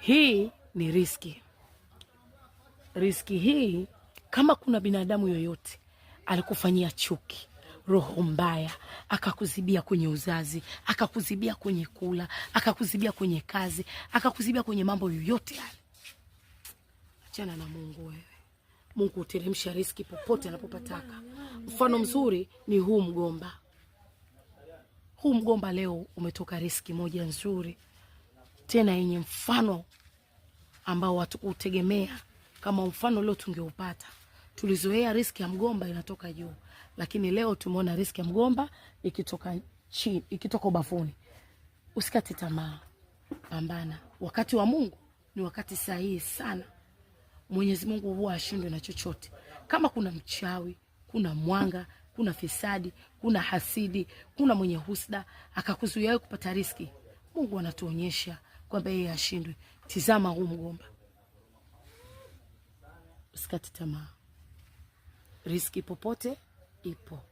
Hii ni riski. Riski hii, kama kuna binadamu yoyote alikufanyia chuki, roho mbaya, akakuzibia kwenye uzazi, akakuzibia kwenye kula, akakuzibia kwenye kazi, akakuzibia kwenye mambo yoyote yale, achana na Mungu wewe. Mungu huteremsha riski popote anapopataka. Mfano mzuri ni huu mgomba. Huu mgomba leo umetoka riski moja nzuri tena yenye mfano ambao watu utegemea kama mfano leo tungeupata. Tulizoea riski ya mgomba inatoka juu, lakini leo tumeona riski ya mgomba ikitoka chini, ikitoka ubavuni. Usikate tamaa, pambana. Wakati wa Mungu ni wakati sahihi sana. Mwenyezi Mungu huwa ashindwe na chochote. Kama kuna mchawi, kuna mwanga, kuna fisadi, kuna hasidi, kuna mwenye husda akakuzuia kupata riski, Mungu anatuonyesha kwamba yeye ashindwe. Tizama huu mgomba, usikate tamaa, riski popote ipo.